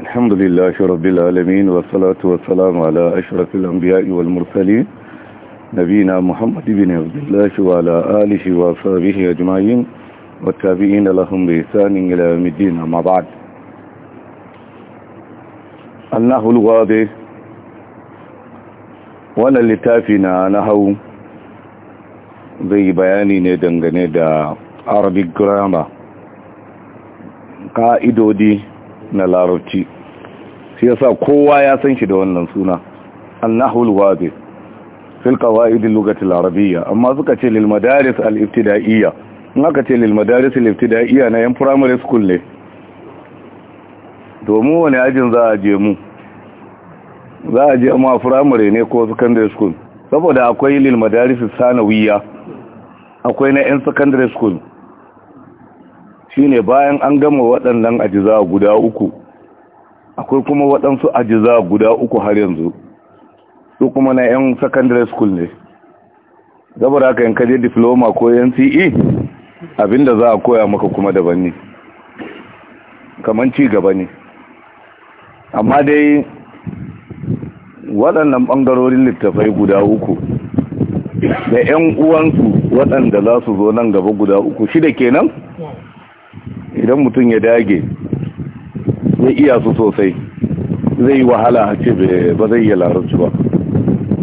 الحمد لله رب العالمين والصلاة والسلام على أشرف الأنبياء والمرسلين نبينا محمد بن عبد الله وعلى آله وصحبه أجمعين والتابعين لهم بإحسان إلى يوم الدين أما بعد الله الواضح وانا اللي تافينا نهو زي بياني bayani ne dangane da arabic grammar na larabci shi yasa kowa ya san shi da wannan suna annahul wabi fil qawaid al-lughah al-arabiyya amma suka ce lil madaris al-ibtida'iyya in aka ce lil madaris al-ibtida'iyya na yan primary school ne domin wani ajin za a je mu za a je a primary ne ko secondary school saboda akwai lil madaris sanawiyya akwai na yan secondary school shine bayan an gama waɗannan ajiza guda uku akwai kuma waɗansu ajiza guda uku har yanzu su kuma na 'yan secondary school ne zabar haka yin kaje diploma ko nce abinda za a koya maka kuma daban ne kamar ci gaba ne amma dai waɗannan ɓangarorin littafai guda uku da 'yan uwansu waɗanda za su zo nan gaba guda uku shida kenan idan mutum ya dage ya iya su sosai zai yi wahala ce ba zai yi larabci ba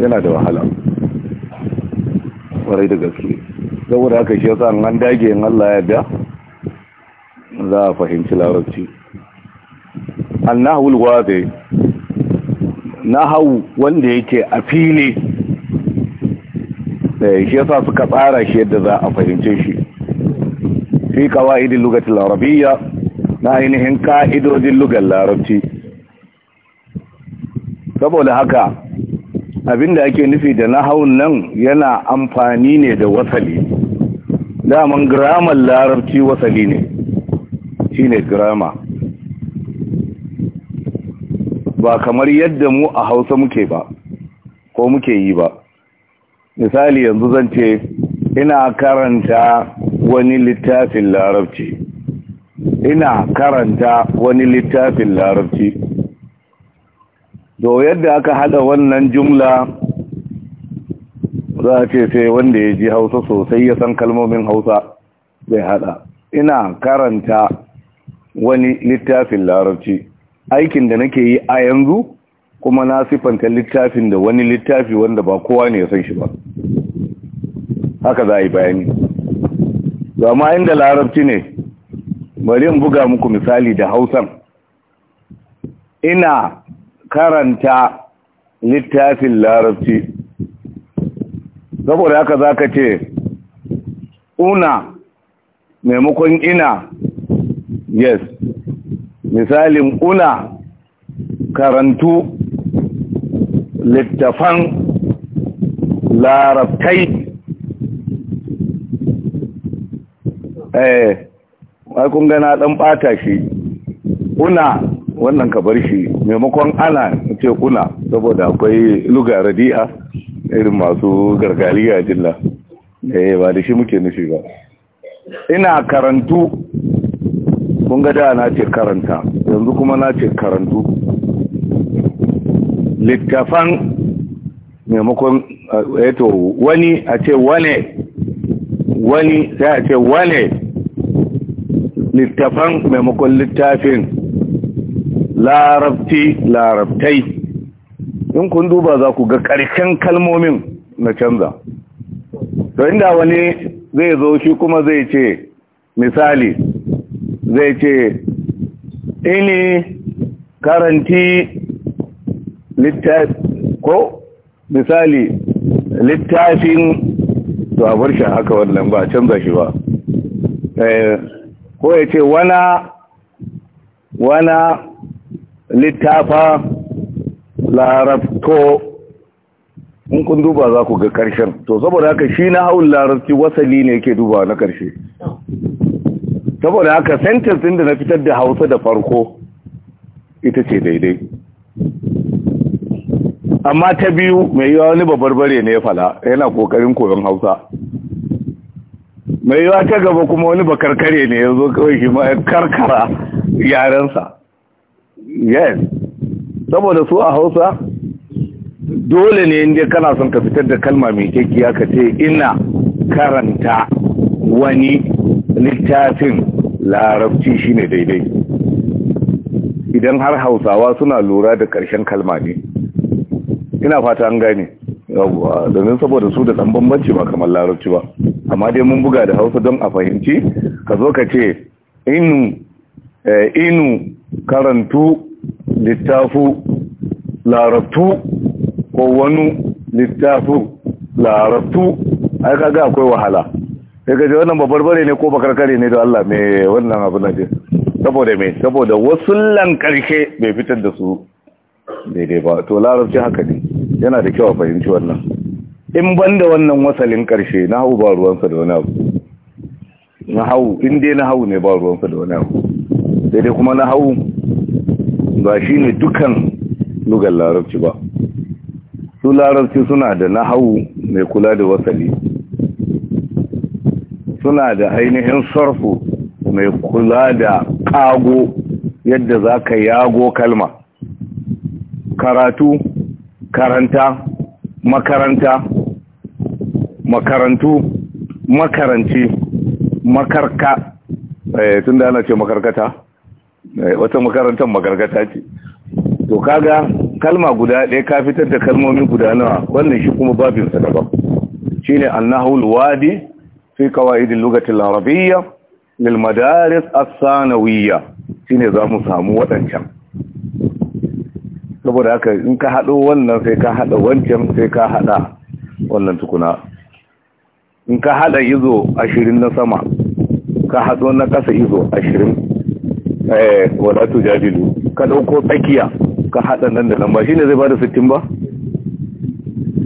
yana da wahala warai da gaske saboda haka shi yasa an dage in Allah ya da za a fahimci larabci zai na hau wanda yake a fili eh, shi yasa suka tsara shi yadda za a fahimce shi fi qawaidil lughati al na ainihin ka'idojin lugar larabci saboda haka abinda ake nufi da nahawun nan yana amfani ne da wasali daman gramar larabci wasali ne shine grama ba kamar yadda mu a hausa muke ba ko muke yi ba misali yanzu zan ce ina karanta wani littafin larabci ina karanta wani littafin larabci to yadda aka hada wannan jumla za a ce sai wanda ya ji hausa sosai ya san kalmomin hausa zai hada ina karanta wani littafin larabci aikin da nake yi a yanzu kuma na siffanta littafin da wani littafi wanda ba kowa ne ya san shi ba haka za a yi bayani amma inda larabci ne bari in buga muku misali da hausan ina karanta littafin larabci saboda haka za ka ce una maimakon ina yes misalin una karantu littafan larabtai eh ai kun ga na dan bata shi una wannan ka bar shi maimakon ana ce una saboda akwai luga radi'a irin masu gargaliya jilla eh ba da shi muke nufi ba ina karantu kun ga da na ce karanta yanzu kuma na ce karantu littafan maimakon eto eh, wani a ce wane wani sai a ce wane littafan maimakon littafin larabci larabtai in kun duba za ku ga ƙarshen kalmomin na canza to inda wani zai zo shi kuma zai ce misali zai ce ini karanti littafi ko misali littafin to a bar shi haka wannan ba canza shi ba eh, ko ya ce wana wana littafa larabto in kun duba za ku ga ƙarshen to saboda haka shi na haun larabci wasali ne yake duba na ƙarshe saboda haka sentence din da na fitar da hausa da farko ita ce daidai amma ta biyu mai yi wani babbar bare ne ya fala yana kokarin koyon hausa mai yiwa ta gaba kuma wani bakarkare ne ya zo kawai shi ma karkara yarensa yes saboda su a hausa dole ne inda kana son ka fitar da kalma mai kekiya ka ce ina karanta wani littafin larabci shine daidai idan har hausawa suna lura da karshen kalma ne ina fata an gane domin saboda su da ɗan bambanci ba kamar larabci ba amma dai mun buga da hausa don a fahimci ka zo ka ce inu eh, inu karantu littafu larabtu ko wani littafu larabtu ai kaga akwai wahala sai ka ce wannan babbar bare ne ko bakar kare ne da Allah mai wannan abu na ce saboda mai saboda wasu lankarke mai fitar da su daidai ba to larabci haka ne yana da kyau a fahimci wannan in ban da wannan wasalin ƙarshe na hau ba ruwansa da wani abu na hau in dai na hau ne ba ruwansa da wani abu daidai kuma na hau ba shi ne dukan lugar larabci ba su larabci suna da na hau mai kula da wasali suna da ainihin sarfu mai kula da kago yadda za ka yago kalma karatu karanta makaranta makarantu makaranci makarka eh, tun da ana ce makarkata eh, wata makarantar makarkata ce to kaga kalma guda ɗaya ka fitar da kalmomi guda nawa wannan shi kuma babinsa daban shine annahul wadi fi qawaid al-lughati al-arabiyya lil madaris as-sanawiyya shine zamu samu waɗancan. saboda haka in ka hado wannan sai ka hada wancan sai ka hada wannan tukuna in ka hada izo ashirin na sama ka haɗo na ƙasa izo ashirin eh, wadda su tu jadilu ka dauko tsakiya ka hada nan da nan ba shine zai bada sittin ba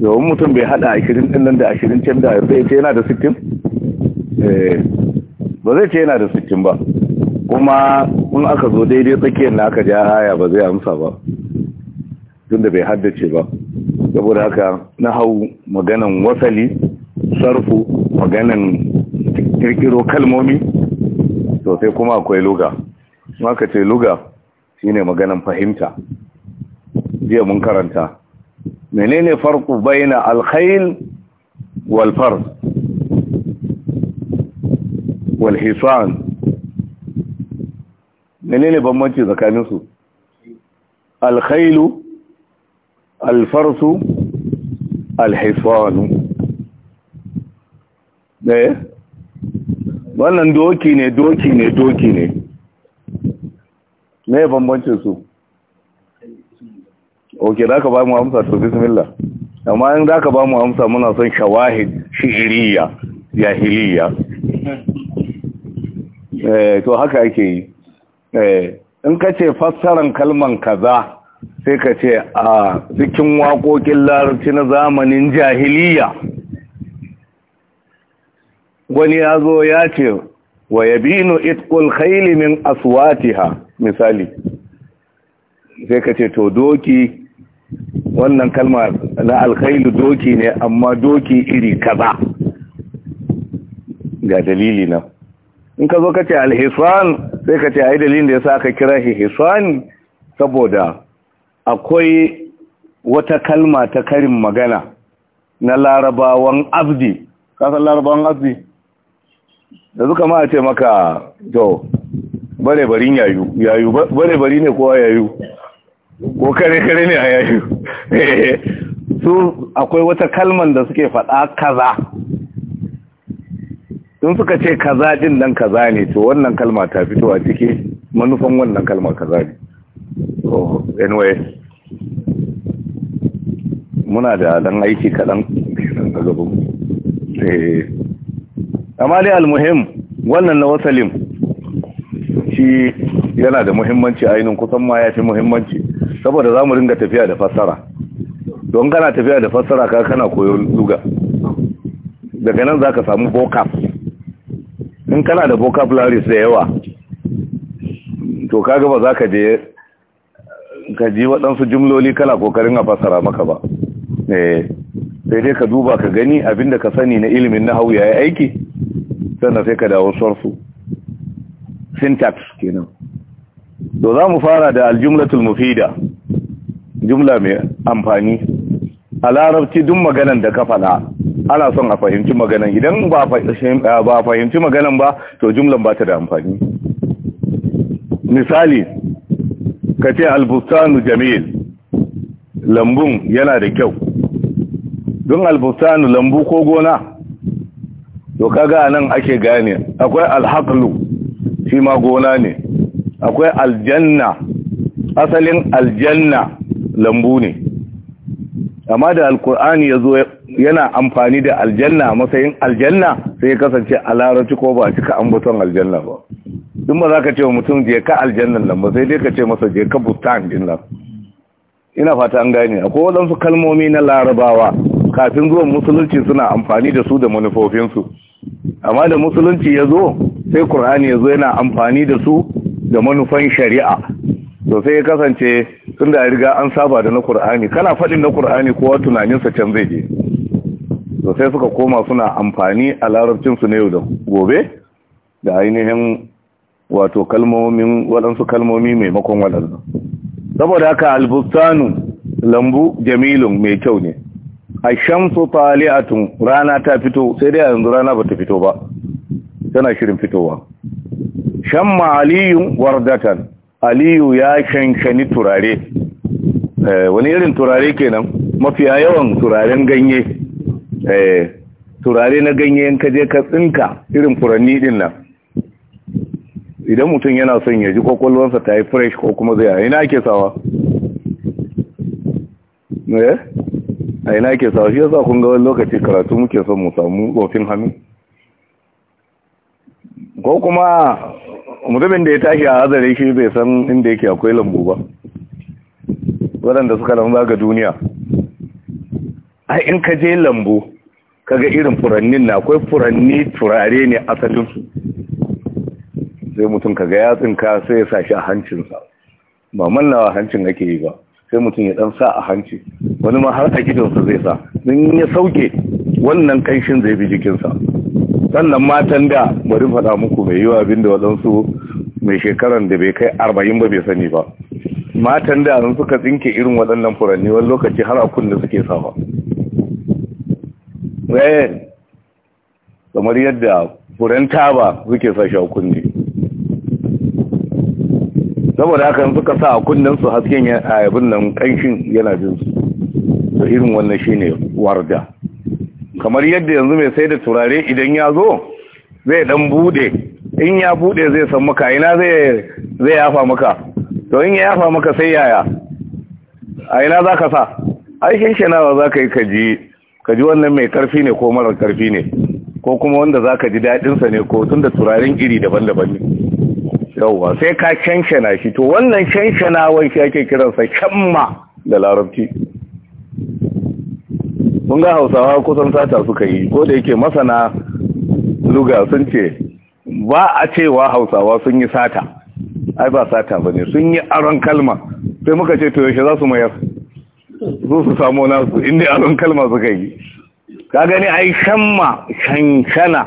yawon mutum bai hada ashirin din nan da ashirin can da zai ce yana da sittin eh, ba zai ce yana da sittin ba kuma in aka zo daidai tsakiyar na aka ja haya ba zai amsa ba tunda bai haddace ba saboda haka na hau maganan wasali sarfu maganan kirkiro kalmomi to sai kuma akwai luga maka ce luga shine maganan fahimta jiya mun karanta menene farku baina alkhail wal farz wal hisan menene bambanci tsakaninsu? su alkhailu alfarsu alhisanu eh wannan doki ne doki ne doki ne ne bambancin su ok da ka ba mu amsa to bismillah amma in da ka ba mu amsa muna son shawahid shihiriya jahiliya eh to haka ake yi eh in ka ce fassaran kalman kaza sai ka ce a ah, cikin waƙoƙin larabci na zamanin jahiliya wani ya zo ya ce wa yabinu itqul khayli min aswatiha misali sai ka ce to doki wannan kalma na alkhailu doki ne amma doki iri kaza ga dalili na in ka zo ka ce alhisan sai ka ce ai dalilin da yasa aka kira shi hisan saboda akwai wata kalma ta karin magana na larabawan abdi kasan larabawan abdi da suka ma ce maka to bare barin yayu yayu bare bari ne kowa yayu ko kare kare ne a yayu su akwai wata kalman da suke faɗa kaza in suka ce kaza din nan kaza ne to wannan kalma ta fito a ciki manufan wannan kalma kaza ne To anyway muna da dan aiki kaɗan a gaban eh amma dai almuhim wannan na wasalim shi yana da muhimmanci ainihin kusan ma ya fi muhimmanci saboda za mu ringa tafiya da fassara don kana tafiya da fassara ka kana koyo luga daga nan za ka samu bokap in kana da laris da yawa to ka gaba za ka je ka ji waɗansu jimloli kana kokarin a fassara maka ba eh, sai dai ka duba ka gani abinda ka sani na ilimin na hau ya aiki sannan sai ka dawo sarfu syntax kenan to za mu fara da aljumlatul mufida jumla mai amfani a larabci duk maganan da ka fada ana son a fahimci maganan idan eh, ba a fahimci maganan ba to jumlan ba ta da amfani misali ka ce albustanu jamil lambun yana da kyau don albustanu lambu ko gona to kaga nan ake gane akwai alhaqlu shi ma gona ne akwai aljanna asalin aljanna lambu ne amma da alkur'ani yazo yana amfani da aljanna matsayin aljanna sai ya kasance a ko ba cika ambaton aljanna ba duk ba za ka ce wa mutum je ka aljannan nan ba sai dai ka ce masa je ka bustan din nan ina fata an gane akwai wadansu kalmomi na larabawa kafin zuwan musulunci suna amfani da su da manufofinsu amma da musulunci ya zo sai ƙur'ani ya zo yana amfani da su da manufan shari'a to sai ya kasance sun da riga an saba da na ƙur'ani kana faɗin na ƙur'ani kowa tunaninsa can zai je to sai suka koma suna amfani a larabcinsu na yau da gobe da ainihin wato kalmomin waɗansu kalmomi maimakon waɗansu saboda haka albustanu lambu jamilun mai kyau ne ashamsu tali'atun rana ta fito sai dai yanzu rana bata fito ba tana shirin fitowa shamma aliyu wardatan aliyu ya shanshani turare eh, wani irin turare kenan mafiya yawan turaren ganye eh, turare na ganye in ka je ka tsinka irin furanni din nan idan mutum yana son ya ji kwakwalwansa ta yi fresh ko kuma zai ina ake sawa eh? a ina ke sa shi yasa kun ga wani lokaci karatu muke son mu samu ofin hannu ko kuma mutumin da ya tashi a azare shi bai san inda yake akwai lambu ba waɗanda suka lamba ga duniya ai in ka je lambu kaga irin furannin na akwai furanni turare ne asalinsu sai mutum kaga yatsinka sai ya sa shi a hancinsa ba mallawa hancin ake yi ba sai mutum ya dan sa a hanci wani ma har a gidansa zai sa in ya sauke wannan kanshin zai bi jikinsa sannan matan da bari faɗa muku mai yiwa abinda waɗansu mai shekaran da bai kai arba'in ba bai sani ba matan da sun suka tsinke irin waɗannan furanni wani lokaci har a kunna suke sawa eh, kamar yadda furen taba suke sa shi kunne saboda haka suka sa a kunnen su hasken ya abin nan kanshin yana jin su to irin wannan shine warda kamar yadda yanzu mai sai da turare idan ya zo zai dan bude in ya bude zai san maka ina zai zai yafa maka to in ya yafa maka sai yaya a ina za ka sa ai za ka yi ka ji wannan mai karfi ne ko marar karfi ne ko kuma wanda za ka ji dadin sa ne ko tunda turaren iri daban-daban ne yawwa sai ka canshana shi to wannan wai shi ake kiransa shanma da larabci Mun ga hausawa kusan sata suka yi ko da yake masana luga sun ce ba a cewa hausawa sun yi sata ai ba sata ba ne sun yi aron kalma sai muka ce to yaushe za su mayar su su samu nasu inda aron kalma suka yi ka gani ai shanma shanshana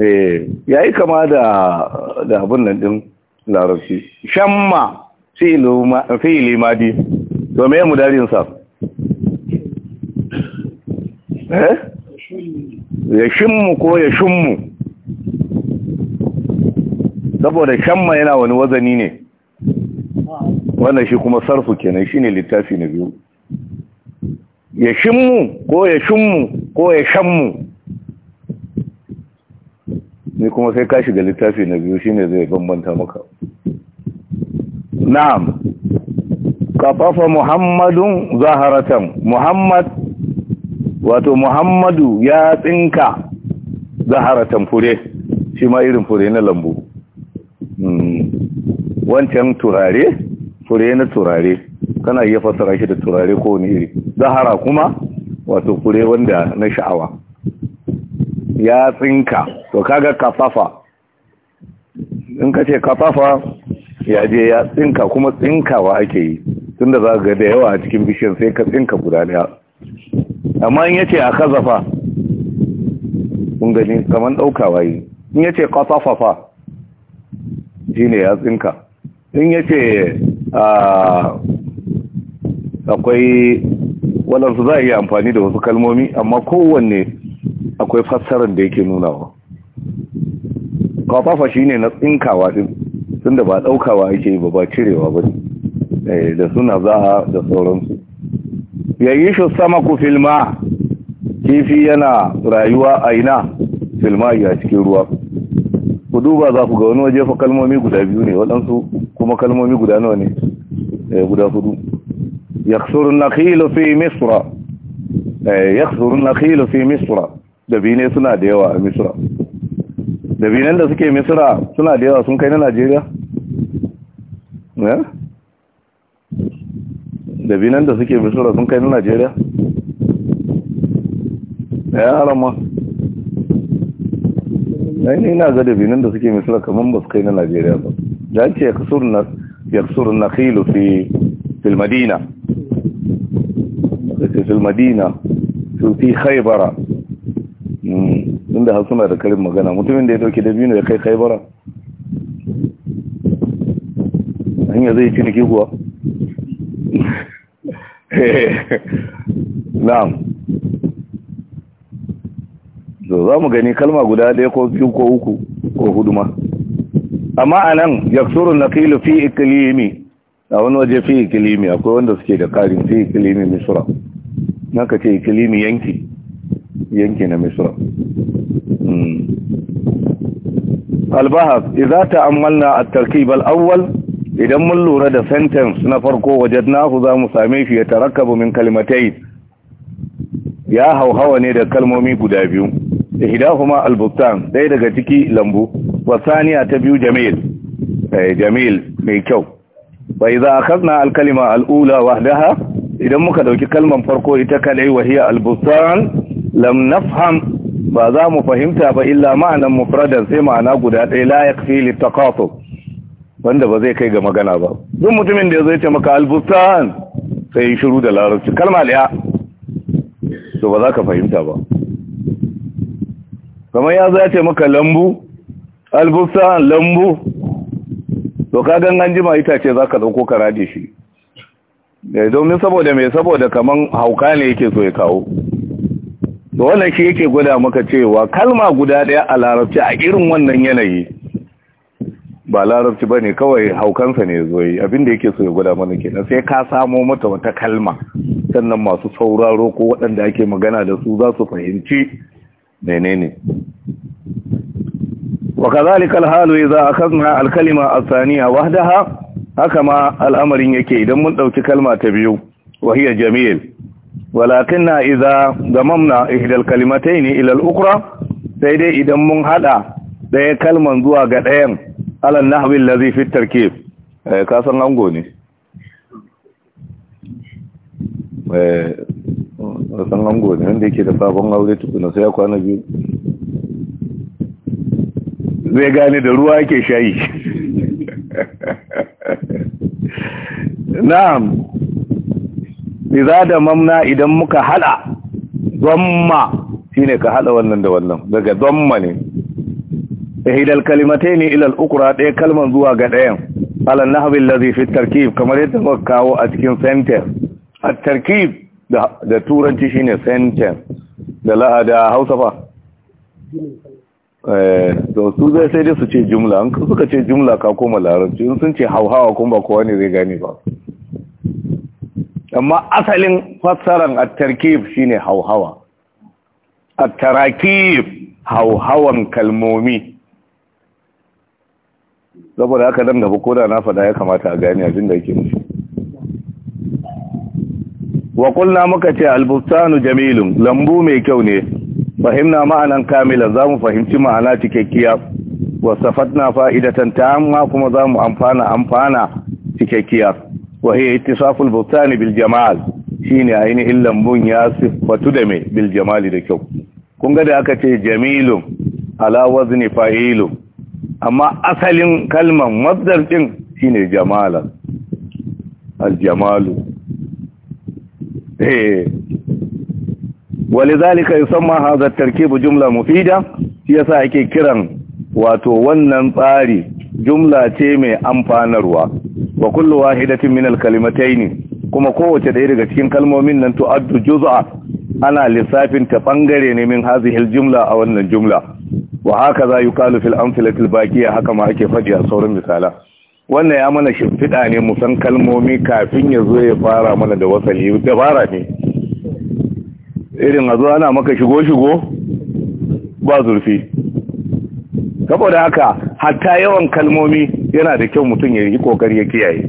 Eh, ya yi kama da abin nan ɗin larabci shamma fi'ili madi to me mu darinsa eh ya shimmu ko ya shimmu saboda shamma yana wani wazani ne wannan shi kuma sarfu kenan shi ne littafi na biyu ya shimmu ko ya shimmu ko ya shammu ni kuma sai ka shiga littafi na biyu shine zai bambanta maka na'am kafafa muhammadun zaharatan muhammad wato muhammadu ya tsinka zaharatan fure shi ma irin fure na lambu hmm. wancan turare fure na turare kana iya fasara shi da turare ko wani iri zahara kuma wato fure wanda na sha'awa ya tsinka to kaga kafafa in ka ce kafafa ya je ya tsinka kuma tsinkawa ake yi tunda za ga da yawa a cikin bishiyar sai ka tsinka guda daya amma in yace a kazafa kun gani kaman daukawa yi in yace kafafafa jine ya tsinka in yace a akwai waɗansu za a iya amfani da wasu kalmomi amma kowanne akwai fassarar da yake nunawa kwafafa shi ne na tsinkawa din sun da ba ɗaukawa yake ba ba cirewa ba eh, da suna za a da sauransu ya yi shi sama ku filma kifi yana rayuwa a ina filma a cikin ruwa ku duba za ku ga wani waje fa kalmomi guda biyu ne waɗansu kuma kalmomi guda nawa ne eh, guda hudu yaksuru nakhilu fi misra eh, yaksuru nakhilu fi misra bine suna da yawa a da dabinan da suke Misira suna da yawa sun kai na najeriya eh? dabinan da suke Misira sun kai na najeriya ya eh, harama na yi na ga dabinan da suke Misira kamar ba su kai na najeriya ba da ake ya kusur na khilu fi filmadina filmadina fi khaibara inda har suna da karin magana mutumin da ya da dabino ya kai bara hanya zai ciniki kuwa na'am so za mu gani kalma guda ɗaya ko biyu ko uku ko hudu ma amma a nan yaksurun na kilo fi ikilimi a wani waje fi ikilimi akwai wanda suke da karin fi ikilimi misura na ka ce ikilimi yanki yanki na misura albahas idza ta'ammalna a tarkib al-awwal idan mun lura da sentence na farko wajadnahu za mu same shi ya tarakkabu min kalmatai ya hauhawa ne da kalmomi guda biyu da hidahuma albuktan dai daga ciki lambu wasaniya ta biyu jamil eh, jamil mai kyau bai za a al alkalima al-ula wahdaha idan muka ɗauki kalman farko ita kadai wahiya albuktan lam nafham ba za mu fahimta ba illa ma'anan mufradan sai ma'ana guda ɗaya la fi li taqatub wanda ba zai kai ga magana ba duk mutumin da zai ce maka albustan sai yi shiru da larabci kalma ɗaya. to ba za ka fahimta ba kamar ya zai ce maka lambu albustan lambu to ka gangan jima itace za ka dauko ka da shi eh, domin saboda mai saboda kaman hauka ne yake so ya kawo da wannan shi yake gwada maka cewa kalma guda ɗaya a larabci a irin wannan yanayi ba larabci ba ne kawai haukansa ne zoyi, abinda yake so ya gwada mana kenan sai ka samo mata wata kalma sannan masu sauraro ko waɗanda ake magana da su za su fahimci menene وكذلك الحال إذا أخذنا الكلمة haka وحدها al'amarin yake يكي mun ɗauki kalma ta biyu. وهي jamil Walakin iza idza mamna ihdal kalimatai ne ilal ukura, sai dai idan mun hada daya kalman zuwa ga dayan alal na allazi fi tarkib eh ka san ango ne eh, kasan ango ne wanda yake da babban aure tukuna sai ya kwana biyu zai gane da ruwa yake shayi na'am idza da mamna idan muka hada zomma shine ka hada wannan da wannan daga zomma ne hidal kalimatai ne ilal ukura ɗaya kalman zuwa ga ɗayan ala nahwi lazi fi tarkib kamar yadda muka kawo a cikin sentence A tarkib da turanci shine sentence da la'ada Hausa fa eh to su zai sai dai su ce jumla an suka ce jumla ka koma larabci sun ce hauhawa kuma ba kowa ne zai gane ba amma asalin fassaran at-tarkib shine hauhawa at-tarakib hauhawan kalmomi saboda haka dan gaba koda na fada ya kamata a gane abin da yake mushi wa qulna muka ce al-bustanu jamilun lambu mai kyau ne fahimna ma'anan kamila zamu fahimci ma'ana cikakkiya wasafatna fa'idatan ta'amma kuma zamu amfana amfana cikakkiya wa hiya ittisaful butani shine ainihin lambun ya siffatu da mai bil da kyau kun ga da aka ce Jamilu ala wazni amma asalin kalman masdar din shine jamalan al jamalu eh ولذلك يسمى هذا التركيب جملة مفيدة yasa ake kiran wato wannan tsari jumla ce mai amfanarwa wa kullu wahidatin min al-kalimatayn kuma kowace ɗaya daga cikin kalmomin nan tu'addu juz'a ana lissafin ta bangare ne min hazihi jumla a wannan jumla wa haka za yuqalu fil amthilati al-baqiya haka ma ake faji a sauran misala wannan ya mana shimfiɗa ne mu san kalmomi kafin ya zo ya fara mana da wasali dabara ne irin a zo ana maka shigo shigo ba zurfi saboda haka hatta yawan kalmomi yana da kyau mutum ya yi kokari ya kiyaye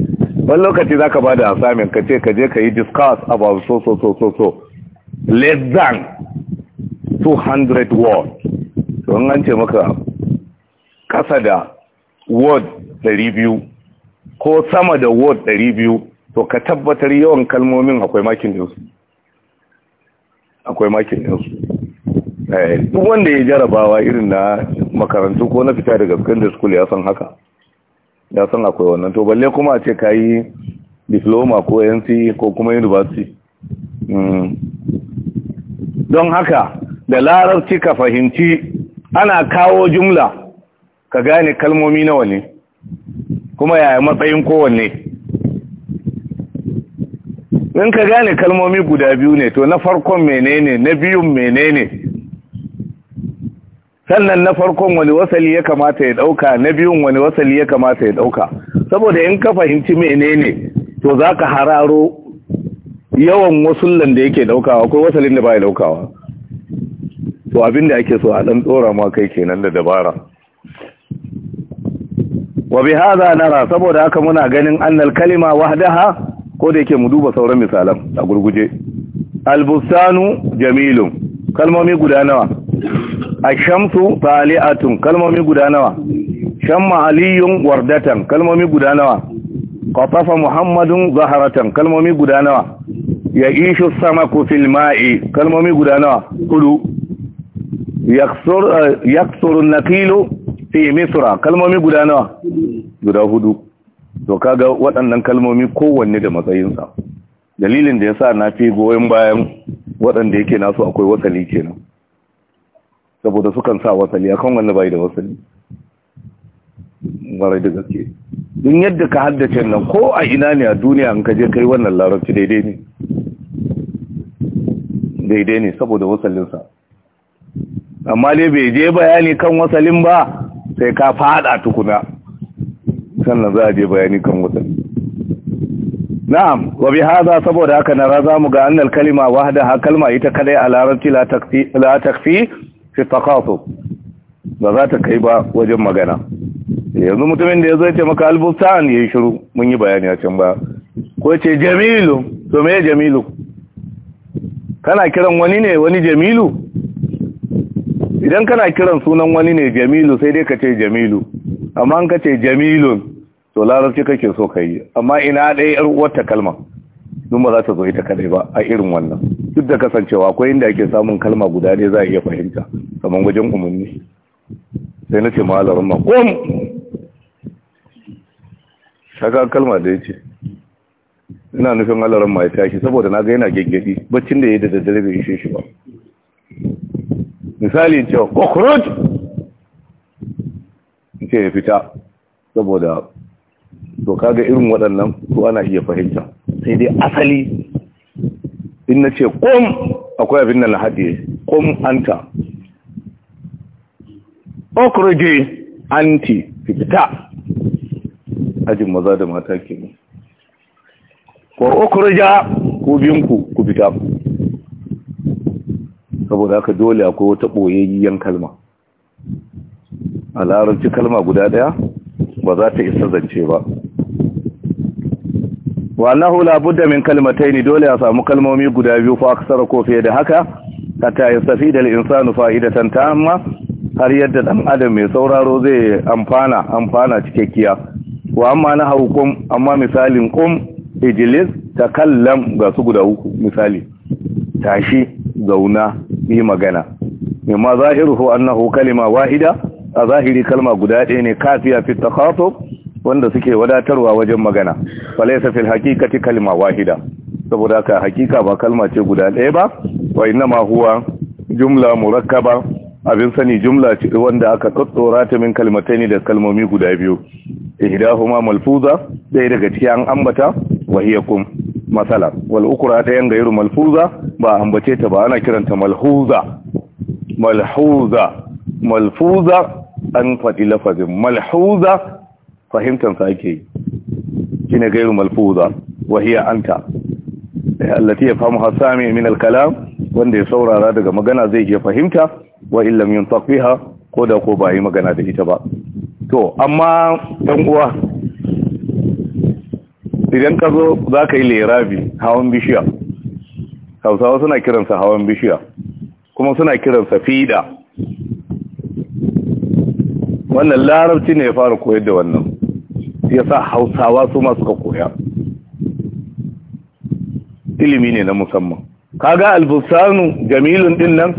wani lokaci zaka ba da assignment ka ce ka je ka yi discuss about so so so so so less than 200 words to an ce maka kasa da word 200 ko sama da word 200 to ka tabbatar yawan kalmomin akwai makin yansu akwai makin yansu eh, duk wanda ya jarabawa irin na makarantu ko na fita daga secondary school ya san haka ya san akwai wannan to balle kuma a ce ka yi diploma ko nce ko kuma university mm. don haka da larabci ka fahimci ana kawo jumla ka gane kalmomi nawa ne kuma yaya matsayin kowanne in ka gane kalmomi guda biyu ne to na farkon menene na biyun menene sannan na farkon wani wasali ya kamata ya ɗauka na biyun wani wasali ya kamata ya ɗauka saboda in ka fahimci menene to zaka hararo yawan wasullan da yake ɗaukawa ko wasalin da ba ya daukawa to abinda ake so a ɗan tsora ma kai kenan da dabara wa bi hadha nara saboda haka muna ganin annal kalima wahdaha ko da yake mu duba sauran misalan a gurguje Albusanu jamilun kalmomi guda nawa ashamtu Fali'atun kalmomi guda nawa shamma aliyun wardatan kalmomi guda nawa qatafa muhammadun zaharatan kalmomi guda nawa ya'ishu samaku fil ma'i kalmomi guda nawa hudu yaksur eh, yaksuru naqilu fi misra kalmomi guda nawa guda hudu to kaga waɗannan kalmomi kowanne da matsayinsa dalilin da yasa na fi goyon bayan waɗanda yake nasu akwai wasali kenan saboda sukan sa wasali akan wani bai da wasali marai da gaske In yadda ka haddace nan ko a ina ne a duniya an kaje kai wannan larabci daidai ne daidai ne saboda wasalinsa amma dai bai je bayani kan wasalin ba sai ka fada tukuna sannan za a je bayani kan wasali na'am wa bi hadha saboda haka na raza mu ga annal kalima wahdaha kalma ita kadai a larabci la takfi la takfi fi takasu ba za ta kai ba wajen magana yanzu mutumin da ya zo ce maka albustan ya yi shiru mun yi bayani a can ba ko ce jamilu to me jamilu kana kiran wani ne wani jamilu idan kana kiran sunan wani ne jamilu sai dai ka ce jamilu amma an ka ce jamilun to larabci kake so ka yi amma ina ɗaya yar uwarta kalma dun ba za ta zo ita kadai ba a irin wannan duk da kasancewa akwai inda ake samun kalma guda ne za a iya fahimta kamar wajen umarni sai na ce malarin kom shaka kalma da ya ce ina nufin malarin ma ya tashi saboda na ga yana gaggadi baccin da ya yi da daddare bai ishe shi ba misali ce kokurut ce ya fita saboda to kaga irin waɗannan su ana iya fahimta sai dai asali in na ce ƙom akwai abin da na haɗe ƙum anta okrije anti fita ajin maza da mata ke ne ko okrija ku binku ku fita saboda haka dole akwai wata ɓoyayyen kalma a larabci kalma guda ɗaya ba za ta isa zance ba wa annahu la budda min kalmataini dole ya samu kalmomi guda biyu ko aksara ko fiye da haka hatta yastafida al-insanu fa'idatan tamma har yadda dan adam mai sauraro zai amfana amfana cikakkiya wa amma na hukum amma misalin kum ijlis takallam ga su guda uku misali tashi zauna yi magana mimma zahiruhu annahu kalima wahida a zahiri kalma guda ɗaya ne kafiya fi takhatub wanda suke wadatarwa wajen magana falaysa fil haqiqati kalma wahida saboda ka hakika ba kalma ce guda ɗaya ba wa inma huwa jumla murakkaba abin sani jumla ce wanda aka tsottsora ta min ne da kalmomi guda biyu ihdahuma malfuza ɗaya daga an ambata wa hiya kum masala wal ukra yanga yiru malfuza ba ambace ta ba ana kiranta malhuza malhuza malfuza an faɗi lafazin malhuza fahimtansa ake yi shi ne gairu malfuza wahiya anta eh, allati ya famu hasami min alkalam wanda ya saurara daga magana zai iya fahimta wa illam yuntaq biha ko da ko ba yi magana da ita ba to amma dan uwa idan ka zo za ka yi lerabi hawan bishiya hausawa suna kiransa hawan bishiya kuma suna kiransa fida wannan larabci ne ya fara koyar da wannan ya sa hausawa su ma suka koya ilimi ne na musamman kaga albusanu jamilun din nan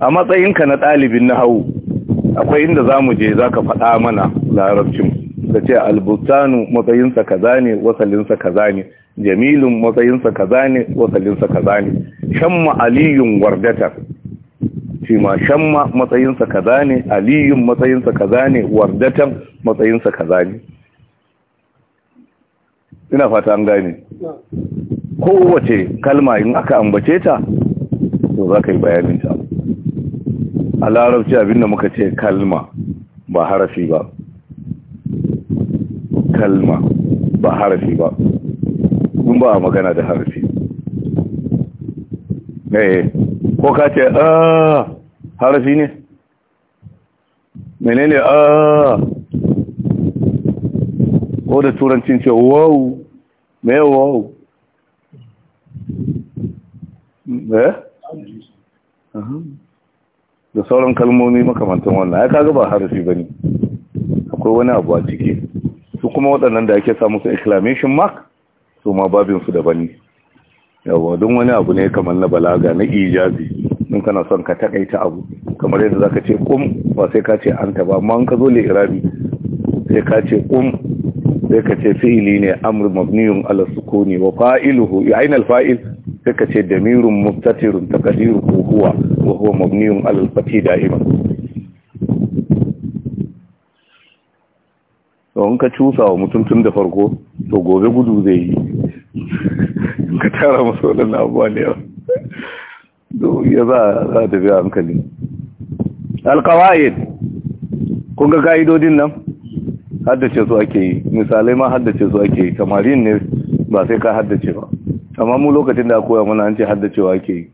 a matsayinka na ɗalibin na hau akwai inda za mu je za ka faɗa mana larabcin da ce albusanu matsayinsa kaza ne wasalinsa kaza ne jamilun matsayinsa kaza ne wasalinsa kaza ne shan ma'aliyun wardatar ce ma shamma matsayinsa kaza ne aliyun matsayinsa kaza ne wardatan matsayinsa kaza ne ina fata an gane kowace kalma in aka ambace ta to za ka yi bayanin ta a larabci abinda muka ce kalma ba harafi ba kalma ba harafi ba kun ba magana da harafi ne eh, ko ka ce ah harafi ne menene a ah. ko da turancin ce wow me wow eh da sauran kalmomi makamantan wannan ya kaga ba harafi bane akwai wani abu a ciki su kuma waɗannan da ake samu su exclamation mark su ma babinsu daban ne yawa don wani abu ne kamar na balaga na ijabi in kana son ka takaita abu kamar yadda zaka ce kum ba sai ka ce anta ba amma in ka zo li irabi sai ka ce kum sai ka ce fi'ili ne amr mabniyun ala sukuni wa fa'iluhu aina al fa'il sai ka ce damirun mubtatirun taqdiruhu huwa wa huwa mabniyun ala al fati da'ima to in ka cusa wa mutum tun da farko to gobe gudu zai yi ka tara masa wadannan abuwa ne yawa ya ba za ta biya hankali alkawa'id kun ga ka'idodin nan haddace su ake yi misalai ma haddace su ake yi tamarin ne ba sai ka haddace ba amma mu lokacin da koya mana an ce haddacewa ake yi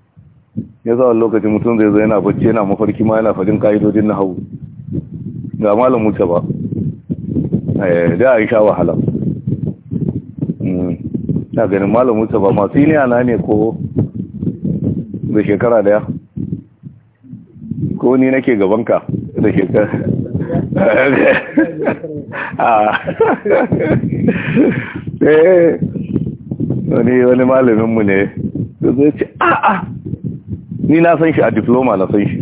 ya sa wani lokacin mutum zai zo yana bacci yana mafarki ma yana fadin ka'idodin na hau ga malam mutu ba eh, da a yi sha wahala hmm. na ganin malam mutu ba masu yi ne ana ne ko da shekara daya ko ni nake gabanka da shekara ah. eh wani wani malaminmu ne da zai ce a'a ah, ah, ni na san shi a diploma na san shi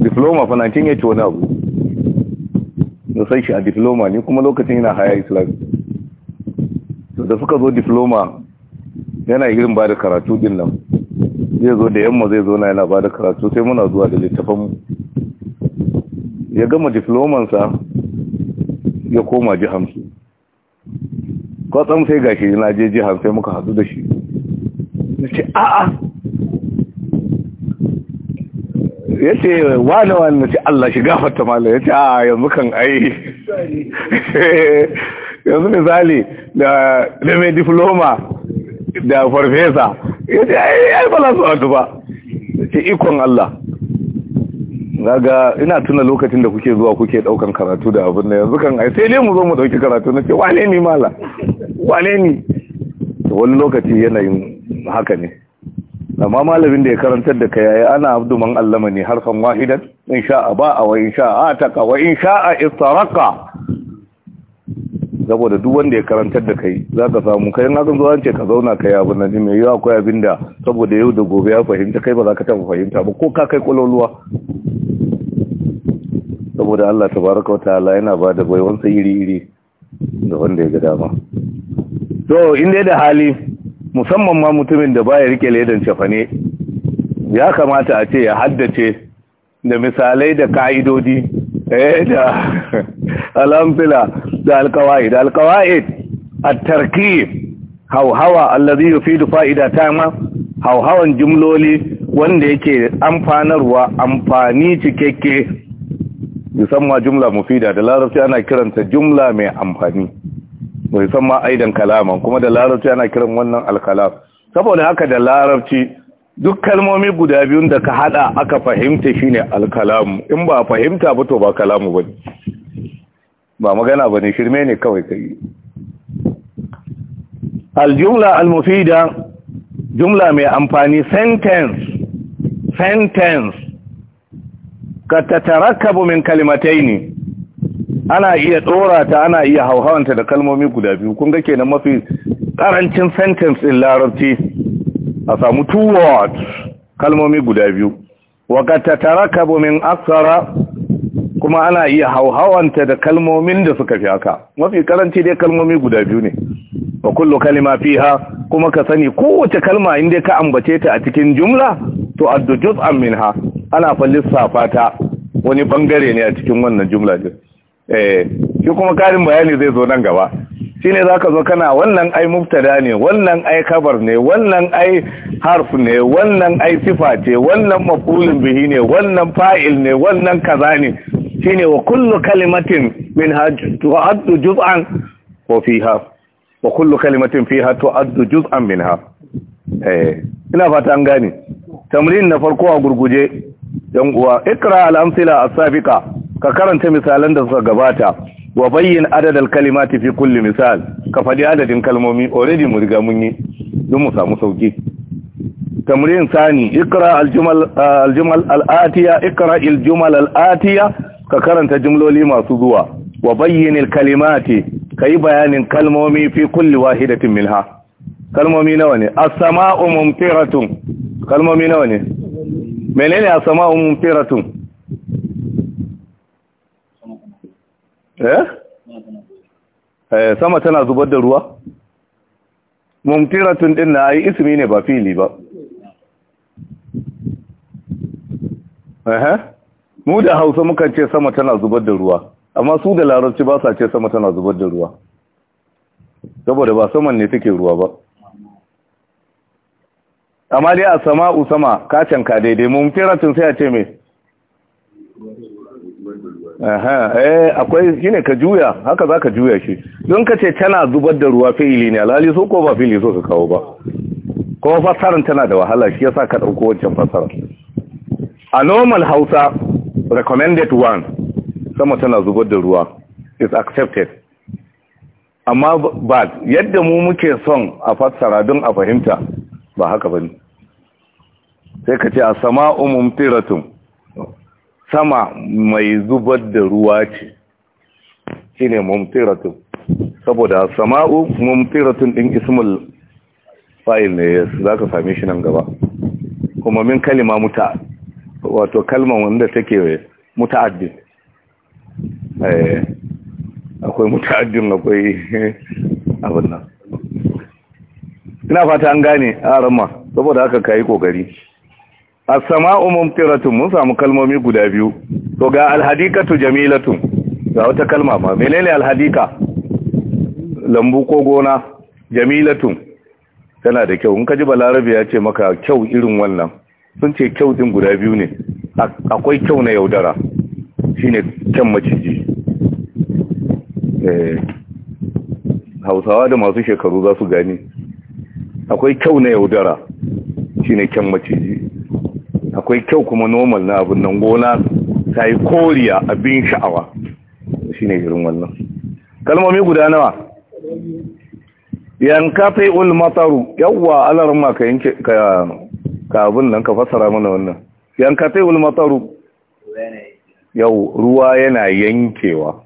diploma fa 1980 wani abu na san shi a diploma ni kuma lokacin yana haya islam da suka zo diploma yana irin ba da karatu din nan zai zo da yamma zai zo na yana ba da karatu sai muna zuwa da littafanmu ya gama diplomansa ya koma jihansu kwatsam sai gashi na je jihar sai muka hadu da shi na ce a'a ya ce wane wane ce Allah shi gafata malam ya ce a'a yanzu kan ai yanzu misali da mai diploma da farfesa ya ce ya yi za su hadu ba ce ikon Allah daga ina tuna lokacin da kuke zuwa kuke daukan karatu da abin da yanzu kan sai dai mu zo mu dauki karatu na ce wane ni mala wane ni wani lokaci yanayin haka ne amma malamin da ya karantar da ka yayi ana abdu man allama ne harfan wahidan insha ba a wa insha ka wa insha istaraka saboda duk wanda ya karantar da kai za ka samu kai in aka zo an ce ka zauna kai abin nan mai Yau akwai abin da saboda yau da gobe ya fahimta kai ba za ka taɓa fahimta ba ko ka kai kwalwalwa saboda Allah tabaraka wataala yana ba da baiwansa iri-iri da wanda ya ga dama to inda da hali musamman ma mutumin da baya rike ledan cafane ya kamata a ce ya haddace da misalai da ka'idodi eh da alhamdulillah da alkawa'id alkawa'id at-tarkib hauhawa allazi yufidu fa'ida tama hauhawan jumloli wanda yake amfanarwa amfani cikakke musamman jumla mufida da larabci ana kiranta jumla mai amfani musamman aidan kalaman kuma da larabci ana kiran wannan alkalam saboda haka da larabci duk kalmomi guda biyun da ka hada aka fahimta shine kalam in ba fahimta ba to ba kalamu bane ba magana ba ne shirme ne kawai kai aljumla almufida jumla mai amfani sentence sentence ka tatarakabu min kalimataini ana iya dorata ana iya hauhawanta da kalmomi guda biyu kun ga kenan mafi karancin sentence din larabci a samu two words kalmomi guda biyu wa ka min aksara kuma ana iya hauhawanta da kalmomin da suka fi haka mafi karanci dai kalmomi guda biyu ne wa kullu kalima fiha kuma ka sani kowace kalma inda ka ambace ta a cikin jumla to addu juz'an minha ana fa lissafa ta wani bangare ne a cikin wannan jumla din eh shi kuma karin bayani zai zo nan gaba shine zaka zo kana wannan ai mubtada ne wannan ai kabar ne wannan ai harf ne wannan ai sifa ce wannan maf'ulun bihi ne wannan fa'il ne wannan kaza ne shi ne wa kullu kalimatin min hajj tu'addu juz'an wa fiha wa kullu kalimatin fiha tu'addu juz'an minha eh ina fata an gane tamrin na farko a gurguje yan uwa ikra al-amsila as ka karanta misalan da suka gabata wa bayyin adadal kalimati fi kulli misal ka fadi adadin kalmomi already mu riga mun yi don mu samu sauki تمرين ثاني اقرا الجمل الجمل الاتيه اقرا الجمل الاتيه ka karanta jimloli masu zuwa wa bayyinil kalimati kai bayanin kalmomi fi kulli wahidatin minha kalmomi nawa ne as-sama'u mumtiratun kalmomi nawa ne menene as-sama'u mumtiratun eh eh sama tana zubar da ruwa mumtiratun din na ai ismi ne ba fili ba eh mu da hausa mukan ce sama tana zubar da ruwa amma su da larabci ba sa ce sama tana zubar da ruwa saboda ba saman ne take ruwa ba amma dai a sama'u sama kacan ka daidai mun firatin sai a ce mai eh, akwai shi ne ka juya haka za ka juya shi don ka ce tana zubar da ruwa fili ne alhali so ko ba fili so ka kawo ba kuma fassarar tana da wahala shi yasa ka ɗauko wancan fassarar a normal hausa recommended one sama tana zubar da ruwa is accepted amma ba yadda mu muke son a fassara don a fahimta ba haka ba ne sai ka ce a sama firatun sama mai zubar da ruwa ce shi ne mumtiratun saboda sama'u mumtiratun ɗin ismul fayil ne za ka same shi nan gaba kuma min kalima muta wato kalman wanda take muta'addin eh akwai muta'addin akwai abin nan ina fata an gane a saboda haka kayi kokari as-sama'u mumtiratun mun samu kalmomi guda biyu to ga al tu jamilatun ga wata kalma ma menene al lambu ko gona jamilatun tana da kyau in ka ji balarabe ya ce maka kyau irin wannan sun ce kyau din guda biyu ne akwai kyau na yaudara Shi ne kyan maciji eh, hausawa da masu shekaru za su gani akwai kyau na yaudara Shi ne kyan maciji akwai kyau kuma normal na abin nan gona ta yi koriya abin sha'awa Shi ne irin wannan kalmomi guda nawa yanka fai'ul ulmataru. yawwa alarma ka yanke ka ka abin nan ka fassara mana wannan yanka sai ulmataru yau ruwa yana yankewa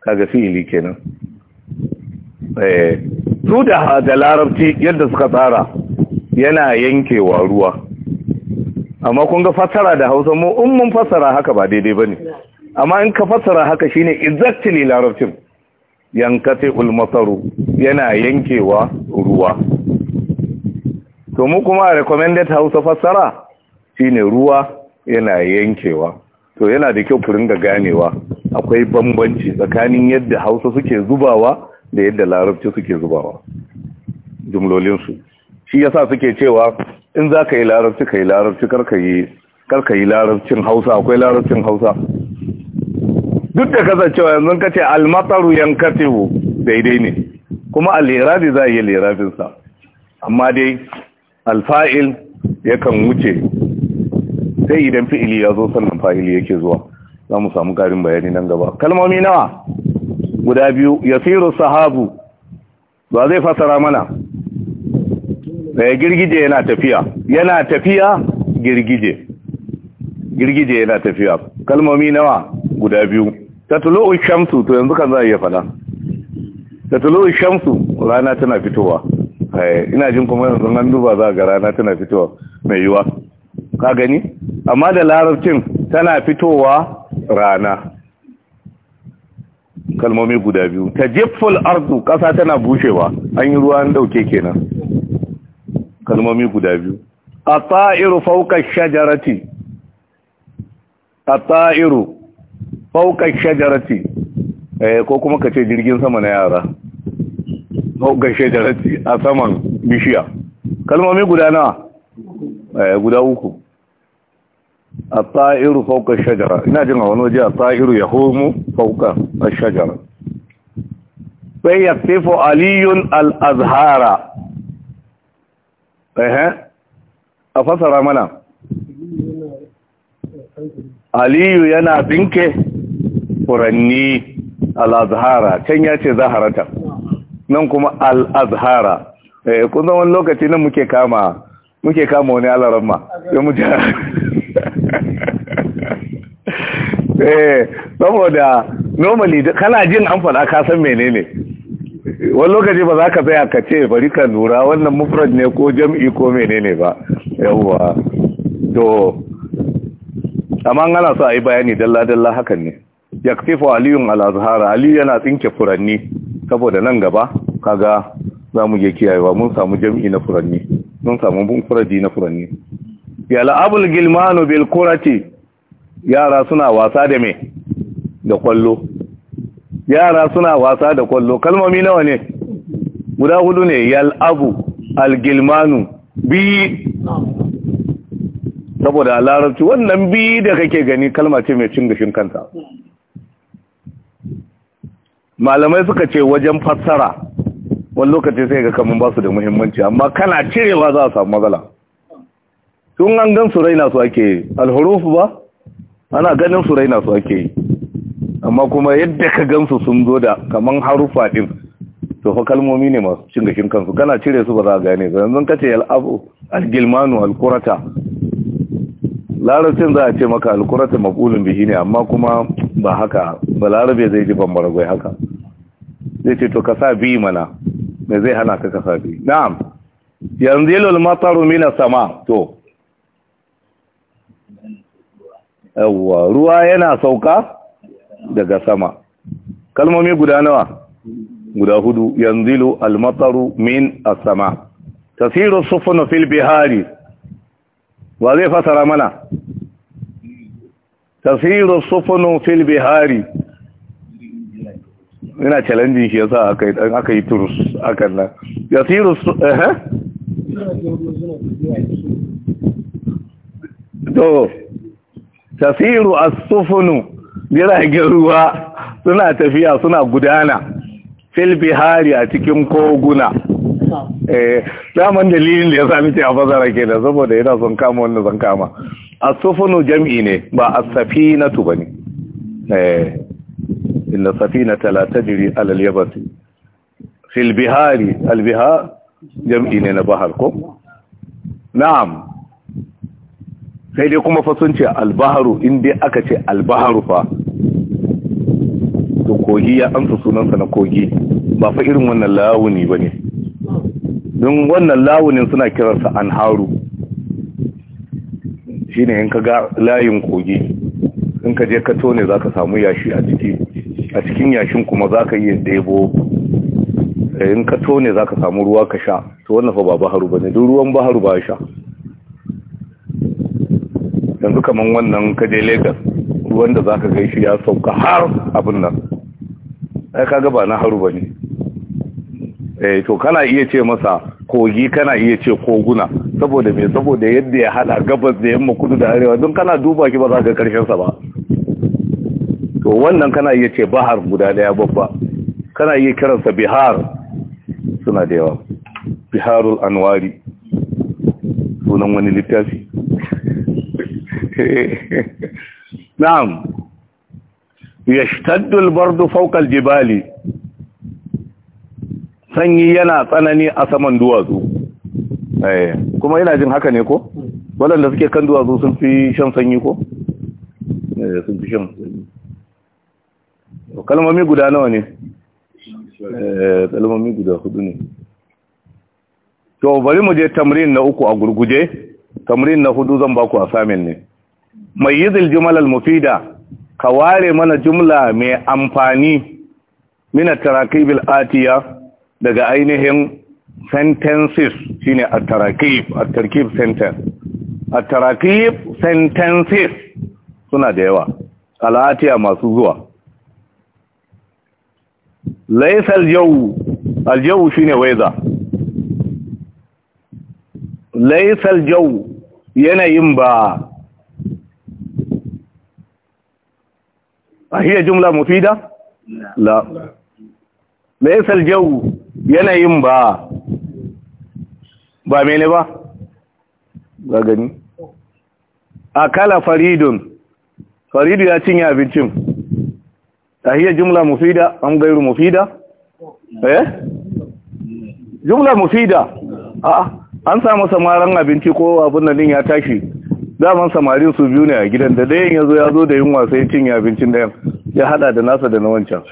kaga fi'ili kenan eh su da da larabci yadda suka tsara yana yankewa ruwa amma kun ga fassara da Hausa mu in mun fassara haka ba daidai bane amma in ka fassara haka shine exactly larabcin yankati ulmataru yana yankewa ruwa to mu kuma recommended hausa fassara shine ruwa yana yankewa to yana da kyau kurin ga ganewa akwai bambanci tsakanin yadda hausa suke zubawa da yadda larabci suke zubawa jumlolinsu shi yasa suke cewa in za ka yi larabci ka yi larabci karka yi larabcin hausa akwai larabcin hausa duk da kasancewa yanzu ka ce almataru yankatehu daidai ne kuma alirabi za a yi lirabinsa amma dai alfa'il yakan wuce sai idan fi'ili ya zo sannan fa'ili yake zuwa za mu samu karin bayani nan gaba kalmomi nawa guda biyu yasiru sahabu ba zai fasara mana da girgije yana tafiya yana tafiya girgije girgije yana tafiya kalmomi nawa guda biyu tatlu'u shamsu to yanzu kan za a iya fada tatlu'u shamsu rana tana fitowa Eh, ina jin kuma yanzu an duba za ga rana tana fitowa mai yiwa ka gani amma da larabcin tana fitowa rana kalmomi guda biyu ta jifful ardu kasa tana bushewa an yi ruwa an dauke kenan kalmomi guda biyu a ta'iru faukar shajarati a ta'iru faukar shajarati eh, ko kuma ka ce jirgin sama na yara gashe da rati a saman bishiya kalmomi guda nawa eh, guda uku a ta'iru faukar shajara ina jin a wani waje a ta'iru ya homo faukar shajara sai ya sifo aliyun al'azhara a fasara mana aliyu yana binke furanni al'azhara can ya ce zaharata nan kuma al-azhara eh, kun zama lokaci nan muke kama muke kama wani alarama ya muta eh saboda normally kana jin an faɗa ka san menene wani lokaci ba za ka zai ka ce bari ka lura wannan mufrad ne ko jam'i ko menene ba yawwa to amma ana so a yi bayani dalla-dalla hakan ne yaktifu aliyun al-azhara aliyu yana tsinke furanni saboda nan gaba kaga za mu je kiyayewa mun samu jam'i na furanni mun samu furanni na furanni ya la'abul gilmanu bil kurati yara suna wasa da me da kwallo yara suna wasa da kwallo kalmomi nawa ne guda hudu ne yal'abu algilmanu bi saboda larabci wannan bi da kake gani kalma ce mai cin gashin kanta malamai suka ce wajen fassara wani lokaci sai ga kamun ba da muhimmanci amma kana cirewa za a samu matsala tun an gan su raina su ake yi alhurufu ba ana ganin su raina su ake yi amma kuma yadda ka gan su sun zo da kaman harufa din to fa kalmomi ne masu cin gashin kansu kana cire su ba za a gane ba yanzu kace al'abu algilmanu gilmanu larabcin za a ce maka Alkurata qurata maqulun bihi ne amma kuma ba haka balarabe zai ji bambara gwai haka zai ce to ka sa biyu mana mai zai hana ka kasa ka sa bi na'am yanzilul mataru minas sama to yawwa ruwa yana sauka daga sama kalmomi guda nawa guda hudu yanzu almataru min as-sama tasiru sufun fil bihari wa zai fasara mana tasiru sufun fil bihari yana challenging shi yasa aka yi aka yi turus akan nan yasiru eh, eh to tasiru as-sufunu jiragen ruwa suna tafiya suna gudana fil bihari a cikin koguna eh daman dalilin da ya sami a fasara ke da saboda yana son kama wannan zan kama as-sufunu jam'i ne ba as-safinatu bane eh inna safinata la tajri ala al-yabasi fil bihari al-bihar jam'i ne na bahar ko na'am sai dai kuma fa sun ce al-baharu in aka ce al-baharu fa to kogi ya amsa sunansa na kogi ba fa irin wannan lawuni bane don wannan lawunin suna kiransa anharu shine in ka ga layin kogi in ka je ka tone za ka samu yashi a ciki a cikin yashin kuma za ka iya ɗebo. Eh, in ka tone za ka samu ruwa ka sha to wannan fa ba baharu ba ne duk ruwan baharu ba sha yanzu kamar wannan kaje lagos ruwan da za ka gai shi ya sauka har abin nan ai kaga ba na haru ba ne eh to kana iya ce masa kogi kana iya ce koguna saboda me saboda yadda ya hada gabas da yamma kudu da arewa don kana duba ki ba za ka karshen sa ba to wannan kana iya ce bahar guda daya babba kana iya kiransa bihar suna da yawa biharul anwari sunan wani littafi na'am yashtaddu al-bardu fawqa al-jibali sanyi yana tsanani a saman duwatsu eh, kuma ina jin haka ne ko Wadanda suke kan duwatsu sun fi shan sanyi ko eh, sun fi shan kalmomi guda nawa ne eh, kalmomi guda hudu ne to bari mu je tamrin na uku a gurguje tamrin na hudu zan baku assignment ne mai mayyizil jumal al-mufida ka ware mana jumla mai amfani min at-tarakib atiya daga ainihin sentences shine at-tarakib at-tarkib sentence at-tarakib sentences suna da yawa al-atiya masu zuwa laisa aljau shi shine waiza laisa aljawu yanayin ba ahiya jumla mufida la laisa aljawu yanayin ba ba mene ba ga gani akala faridun faridu ya cinye abincin هي جملة مفيدة أم غير مفيدة إيه جملة مفيدة آه an samu samaran abinci ko abin nan ya tashi daman samarin su biyu ne a gidan da dayan ya zo ya zo da yunwa sai cinye abincin dayan ya hada da nasa da na wancan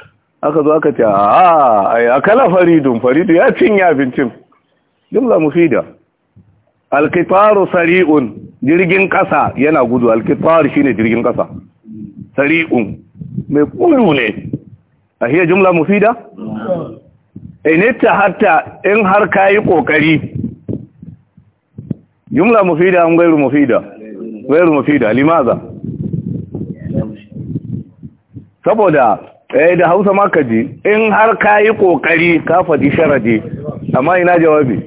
aka zo aka ce a akala faridun faridu ya cinye abincin jumla mufida alkitaru sari'un jirgin kasa yana gudu alkitaru shine jirgin kasa sari'un mai kulu ne a hiyar jumla mufida? inita eh, hatta in har ka yi ƙoƙari jumla mufida an gairu mufida gairu mufida limaza saboda ɗaya eh, da hausa makaji in har ka yi ƙoƙari ka faɗi sharadi amma ina jawabi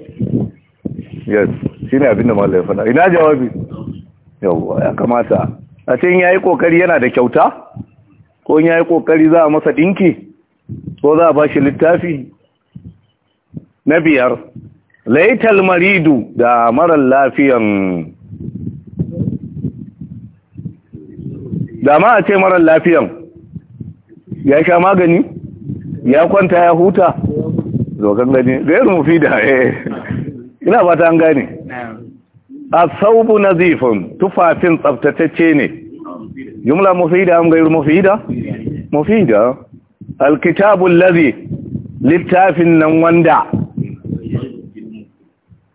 yes shi ne abinda malar ya faɗa ina jawabi yau ya kamata a cikin ya yi ƙoƙari yana da kyauta? ko ya yi ƙoƙari za a masa dinki ko za a ba shi littafi na biyar laital maridu da marar lafiyan da ma a ce marar lafiyan ya sha magani ya kwanta ya huta zokan gani gairu mufi da eh, ina ba ta an gane a saubu zifin tufafin tsabtatacce ne jumla mufida am gairu mufida mufida alkitabu allazi littafin nan wanda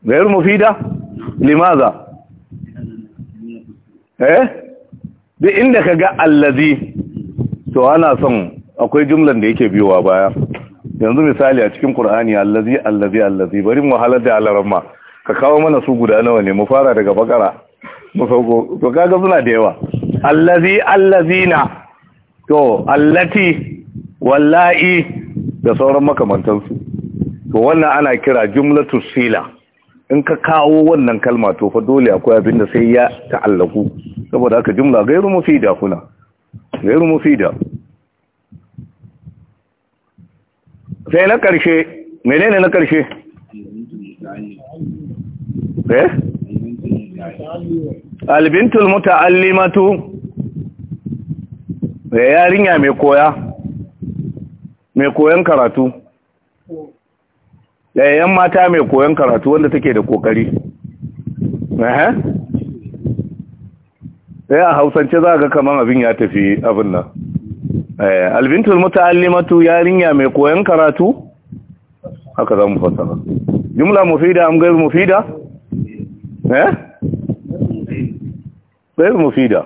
gairu mufida limaza eh duk inda ga allazi to ana son akwai jumlan da yake biyowa baya yanzu misali a cikin qur'ani allazi allazi allazi bari mu halar da alarma ka kawo mana su guda nawa ne mu fara daga bakara mu sauko to kaga suna da yawa allazi allazina to allati wallahi da sauran makamantansu to wannan ana kira jumlatu sila in ka kawo wannan kalma to fa dole akwai abin da sai ya ta'allaku saboda haka jumla gairu mufida kuna gairu mufida sai na karshe menene na karshe eh albintul muta'allimatu ya eh, yarinya mai koya mai koyan karatu da eh, yan mata mai koyan karatu wanda take da kokari eh sai a hausance za ga kaman abin ya tafi abin nan eh albintul muta'allimatu yarinya mai koyan karatu haka za mu fassara jumla mufida am ghayr mufida eh zai mufida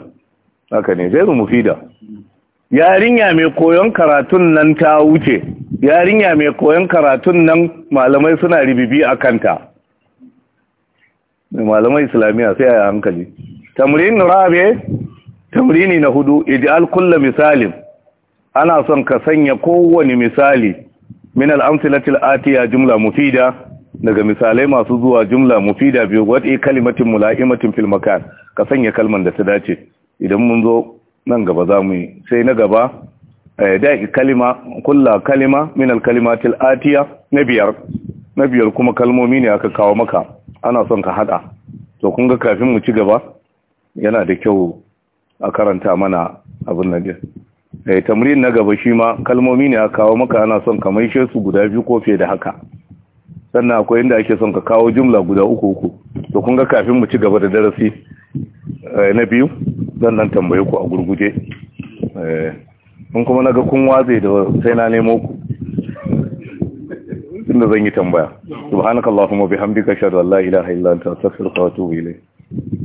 haka ne zai mufida yarinya mai koyon karatun nan ta wuce yarinya mai koyon karatun nan malamai suna ribibi a kanta malamai islamiyya sai a hankali tamrin rabe tamrini na hudu ideal kullu misalin ana son ka sanya kowane misali min al al atiya jumla mufida daga misalai masu zuwa jumla mufida biyu wadda kalimatin mula'imatin filmakan, ka sanya kalman da ta dace idan mun zo nan gaba za mu yi sai na gaba eh, da'i kalima kulla kalima min alkalimatil atiya na biyar na biyar kuma kalmomi ne aka kawo maka ana son ka hada to kun ga kafin mu ci gaba yana da kyau a karanta mana abin nan din eh tamrin na gaba shi ma kalmomi ne aka kawo maka ana son ka maishe su guda biyu ko fiye da haka sannan akwai inda ake son ka kawo jumla guda uku uku to kun ga kafin mu ci gaba da darasi eh, na biyu zan nan tambaye ku a gurguje eh, in kuma naga kun watse da sai na nemo ku inda zan yi tambaya subhanakallahumma bihamdika ashhadu an la ilaha illa anta astaghfiruka wa atubu ilayk